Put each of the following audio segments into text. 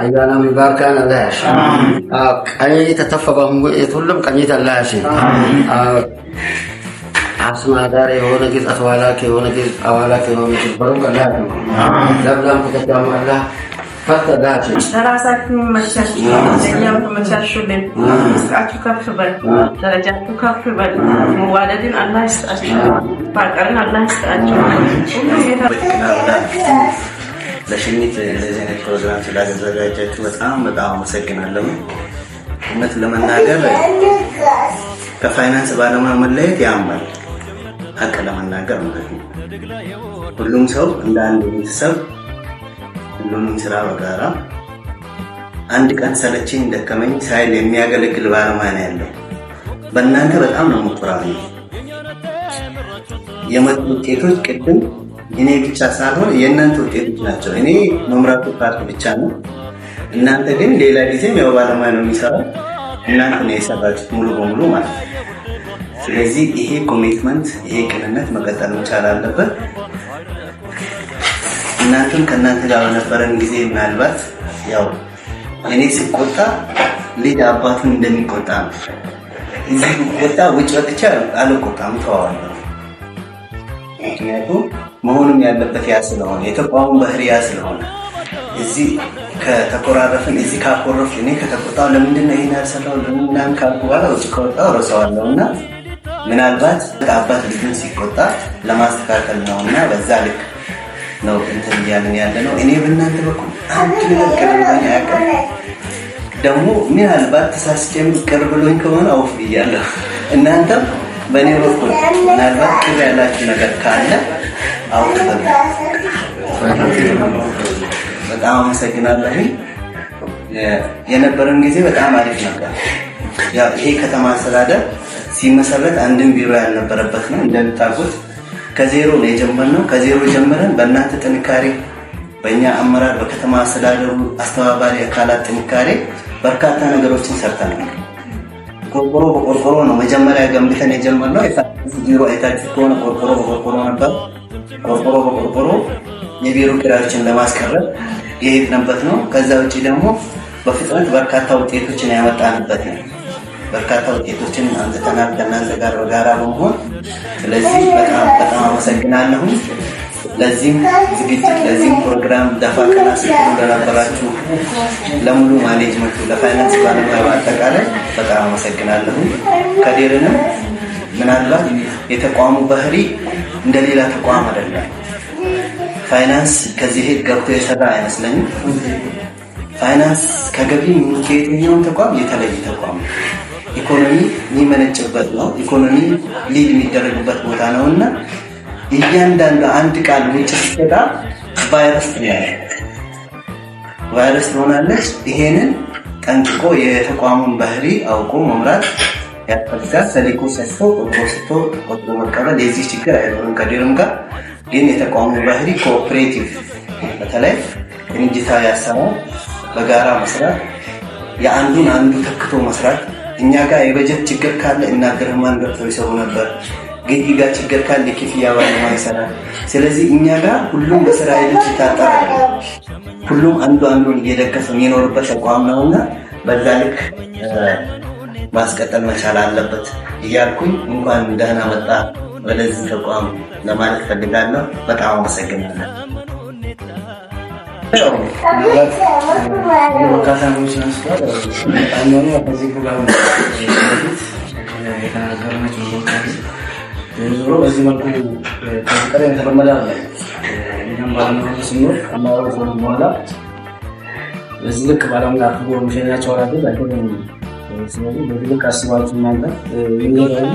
አያናም ባርካን አላሽ ቀኝ ተተፈባም የቱልም ቀኝት አላሽ አስማ ዳር የሆነ ጊዜ አትዋላክ የሆነ ጊዜ አዋላክ የሆነ ጊዜ በሩቅ አላህ ለብላም ከተጃሙ አላህ ለራሳችሁ መቻችሁ ተመቻሹልን። ስጣችሁ ከፍ በል ደረጃችሁ ከፍ በል። መዋደድን አላህ ይስጣችሁ፣ ፈቅርን አላህ ይስጣችሁ። ለሽኝት እንደዚህ አይነት ፕሮግራም ስላዘጋጃችሁ በጣም በጣም አመሰግናለሁ። እውነት ለመናገር ከፋይናንስ ባለሙያ መለየት ያማል፣ ሀቅ ለመናገር ማለት ነው። ሁሉም ሰው እንደ አንድ ቤተሰብ ሁሉንም ስራ በጋራ አንድ ቀን ሰለችኝ ደከመኝ ሳይል የሚያገለግል ባለሙያ ነው ያለው። በእናንተ በጣም ነው የምኮራው። የመጡ ውጤቶች ቅድም እኔ ብቻ ሳልሆን የእናንተ ውጤቶች ናቸው። እኔ መምራቱ ፓርት ብቻ ነው። እናንተ ግን ሌላ ጊዜም ያው ባለሙያ ነው የሚሰራው። እናንተ ነው የሰራችሁት ሙሉ በሙሉ ማለት ነው። ስለዚህ ይሄ ኮሚትመንት፣ ይሄ ቅንነት መቀጠል መቻል አለበት። እናንተም ከእናንተ ጋር በነበረን ጊዜ ምናልባት ያው እኔ ስቆጣ ልጅ አባቱን እንደሚቆጣ ነው። እዚህ ቆጣ ውጭ ወጥቼ አልቆጣም፣ ተዋዋለሁ ምክንያቱም መሆኑም ያለበት ያ ስለሆነ የተቋሙ ባህሪ ያ ስለሆነ እዚህ ከተኮራረፍን እዚህ ካኮረፍ እኔ ከተቆጣው ለምንድን ነው ይህን ያልሰራው ለምን ካልኩ በኋላ ውጭ ከወጣው ረሰዋለሁ እና ምናልባት አባት ልጁን ሲቆጣ ለማስተካከል ነው እና በዛ ልክ ነው እንትን እያልን ያለ ነው። እኔ በእናንተ በኩል አንድ ነገር ቅርብሎኝ አያውቅም። ደግሞ ምናልባት ተሳስቼም ቅርብሎኝ ከሆነ አውፍ ብያለሁ እናንተም በእኔ በኩል ምናልባት ክብ ያላችሁ ነገር ካለ አውቅ። በጣም አመሰግናለሁ። የነበረን ጊዜ በጣም አሪፍ ነበር። ይሄ ከተማ አስተዳደር ሲመሰረት አንድም ቢሮ ያልነበረበት ነው። እንደምታውቁት ከዜሮ ነው የጀመርነው። ከዜሮ ጀምረን በእናንተ ጥንካሬ፣ በእኛ አመራር፣ በከተማ አስተዳደሩ አስተባባሪ አካላት ጥንካሬ በርካታ ነገሮችን ሰርተናል። ቆርቆሮ በቆርቆሮ ነው መጀመሪያ ገንብተን የጀመርነው። ቢሮ አይታችሁ ከሆነ ቆርቆሮ በቆርቆሮ ነበር። ቆርቆሮ በቆርቆሮ የቢሮ ኪራዮችን ለማስቀረብ የሄድንበት ነው። ከዛ ውጭ ደግሞ በፍጥነት በርካታ ውጤቶችን ያመጣንበት ነው። በርካታ ውጤቶችን አንስተናል ከእናንተ ጋር በጋራ በመሆን ስለዚህ በጣም በጣም አመሰግናለሁ። ለዚህም ዝግጅት ለዚህም ፕሮግራም ደፋ ቀና ስትሉ ለነበራችሁ ለሙሉ ማኔጅመንቱ፣ ለፋይናንስ ባለሙያ በአጠቃላይ በጣም አመሰግናለሁ። ከዴርንም ምናልባት የተቋሙ ባህሪ እንደሌላ ተቋም አይደለም። ፋይናንስ ከዚህ ሄድ ገብቶ የሰራ አይመስለኝም። ፋይናንስ ከገቢ ከየትኛውም ተቋም የተለየ ተቋም ነው። ኢኮኖሚ የሚመነጭበት ነው። ኢኮኖሚ ሊድ የሚደረግበት ቦታ ነው እና እያንዳንዱ አንድ ቃል ውጭ ስትወጣ ቫይረስ ያ ቫይረስ ትሆናለች። ይሄንን ጠንቅቆ የተቋሙን ባህሪ አውቆ መምራት ያስፈልጋል። ሰሊኮ ሰጥቶ ቆጥሮ ሰጥቶ ቆጥሮ መቀበል የዚህ ችግር አይኖርም። ከሌሎችም ጋር ግን የተቋሙ ባህሪ ኮኦፕሬቲቭ፣ በተለይ ቅንጅታዊ ያሰሙ በጋራ መስራት፣ የአንዱን አንዱ ተክቶ መስራት። እኛ ጋር የበጀት ችግር ካለ እናገርማን ገብተው ይሰሩ ነበር ገቢ ጋር ችግር ካለ ክፍያ ባለ ይሰራል። ስለዚህ እኛ ጋር ሁሉም በስራ ሄዶች ይታጠራል። ሁሉም አንዱ አንዱን እየደገፈ የሚኖርበት ተቋም ነውና በዛ ልክ ማስቀጠል መቻል አለበት እያልኩኝ እንኳን ደህና መጣ ወደዚህ ተቋም ለማለት ፈልጋለሁ። በጣም አመሰግናለሁ። የተናገርናቸው ዞሮ በዚህ መልኩ ቀጠ የተለመደ አለ። እኛም ባለሙያ ስኖር አማሮ ሆኑ በኋላ በዚህ ልክ ባለሙያ አድርጎ የሚሸኛቸው ወላጆች አይሆንም። ስለዚህ በዚህ ልክ አስባችሁ እናንተ ይዘራሉ።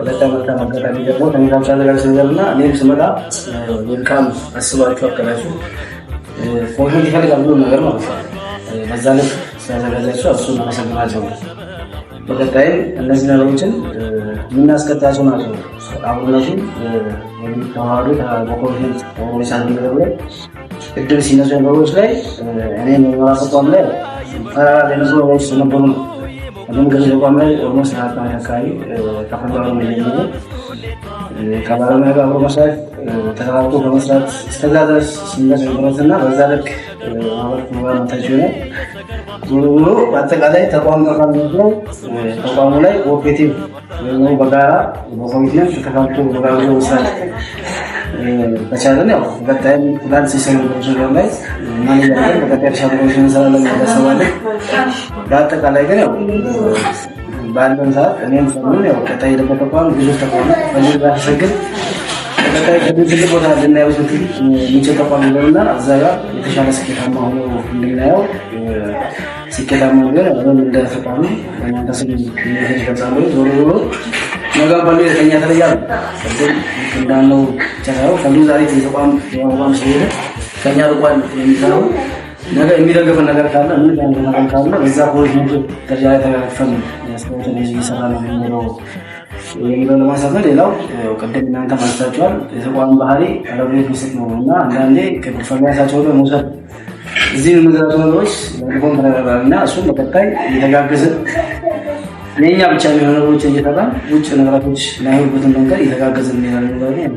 በቀጣይ መልካም አጋጣሚ ደግሞ ከሜዳም ሻዘጋር ስንገር እና እኔም ስመጣ መልካም አስባችሁ አቀላችሁ ፎርመት ይፈልጋል ብሎ ነገር ነው። በዛ ልክ ሲያዘጋጃቸው እሱን አመሰግናቸው። በቀጣይም እነዚህ ነገሮችን የምናስቀጣሱ ማለት ነው። አብነቱን ተዋህዶ በኮንፈረንስ ሳንት ላይ እድል ሲነሱ ነገሮች ላይ እኔ የመራስ ተቋም ላይ ተራራ ደነሱ ነገሮች ስለነበሩ ነው። አሁን ገዙ ተቋም ላይ ኦሮሞ ስርዓት ማለት አካባቢ ተፈጠሩ የሚገኘ ከባለሙያ ጋር አብሮ መስራት ተከባብቶ በመስራት እስከዛ ድረስ ስነት ነገሮች እና በዛ ልክ ማበት መባመታቸው ነው። ሙሉ ሙሉ በአጠቃላይ ተቋም ተቋም ተቋሙ ላይ ኦፕሬቲቭ ነው በጋራ በኮሚቴዎች ተከፋፍቶ በጋራ ውሳኔ ተቻለን። ያው በቀጣይም ፕላን ሲሰሙ ላይ ማንኛውም በቀጣይ እርሻ እንሰራለን ያሳሰባለን። በአጠቃላይ ግን ያው ባለን ሰዓት እኔም ሰሙን ያው ቀጣይ ደግሞ ተቋም ብዙ ተቋም በዚህ ባሰግን ትልቅ ቦታ ልናየው ስንል ምንጭር ተቋም ሆነና እዛ ጋር የተሻለ ስኬታማ ሆኖ እንድናየው ስኬታማ ነገር አሁን እንደ ተቋሚ በእናንተ ስም ዞሮ ዞሮ ነገ ባሉ የተኛ ተለያሉ እንዳለው ብቻ ሳይሆን ዛሬ ተቋም ተቋም ስለሄደ ከኛ ርቋል የሚሰራው ነገር የሚደግፈን ነገር ካለ ምን ያለ ነገር ካለ በዛ ፖሊስ ደረጃ ላይ ተጋግፈን ስራዎችን እየሰራ ነው የሚለው የሚለው ለማሳፈር ሌላው ቅድም እናንተ ማንሳችኋል። የተቋም ባህሪ አለቤት ውስጥ ነው እና አንዳንዴ ከሚያሳቸው መውሰድ እዚህ የምንዘራቸው ነገሮች ለቆም ተነጋግረናል እና እሱም በቀጣይ እየተጋገዝን እኛ ብቻ የሆነ ቦች እየተባ ውጭ ነገራቶች ላይሁበትን መንገድ እየተጋገዝ እንሄዳለን።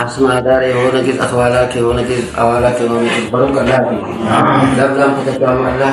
አስማ ዳር የሆነ ጊዜ አዋላክ የሆነ ጊዜ አዋላክ የሆነ ጊዜ በረከ ላ ለብላም ተጠቃሚ አላህ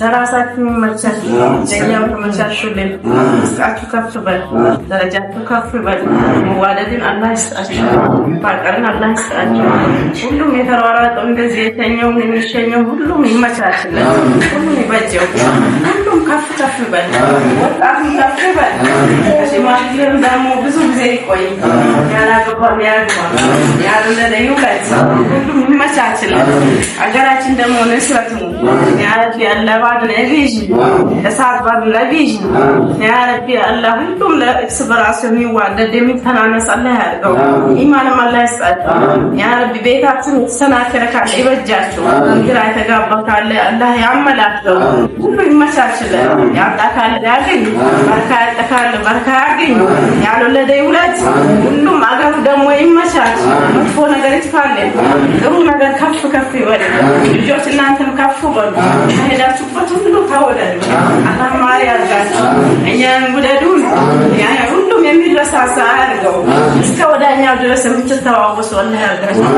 ለራሳችሁ ይመቻል፣ ለእኛም ተመቻቹልን። ምስጣችሁ ከፍ በል፣ ደረጃችሁ ከፍ በል። መዋደድን አላህ ይስጣችሁ፣ መፋቀርን አላህ ይስጣችሁ። ሁሉም የተሯሯጠው እንደዚህ የተኛውም የሚሸኘው ሁሉም ይመቻችለን፣ ሁሉም ይበጀው፣ ሁሉም ከፍ ከፍ በል፣ ወጣቱም ከፍ በል። ሽማግሌም ደግሞ ብዙ ጊዜ ይቆይ፣ ያላገባም ያግባ፣ ያልወለደ ይውለድ፣ ሁሉም ይመቻችለን። አገራችን ደግሞ ንስረት ነው። ረቢ አላ ባድለቤዥ እሳት ባድለቤዥ ያ ረቢ አላ ሁሉም ለእርስ በራሱ የሚዋደድ የሚተናነስ አላ ያድርገው። ኢማንም አላ ያስጣቸው። ያ ረቢ ቤታችን የተሰናከረ ካለ ይበጃቸው። ግራ የተጋባ ካለ አላ ያመላክተው። ሁሉ ይመቻችለን። ያጣ ካለ ያገኝ፣ በርካ ያጣ ካለ በርካ ያገኝ። ያልወለደ ይውለድ። ሁሉም አገሩ ደግሞ ይመቻች። መጥፎ ነገር ይጥፋለን፣ ጥሩ ነገር ከፍ ከፍ ይበል። ልጆች እናንተም ከፍ በሉ። በሄዳችሁበት ሁሉ ተወደዱ፣ አላማሪ አድርጋችሁ እኛን ውደዱ። ሁሉም የሚረሳሳ አድርገው እስከ ወዳኛው ድረስ የምትተዋወሱ አላ ያድርጋችሁ።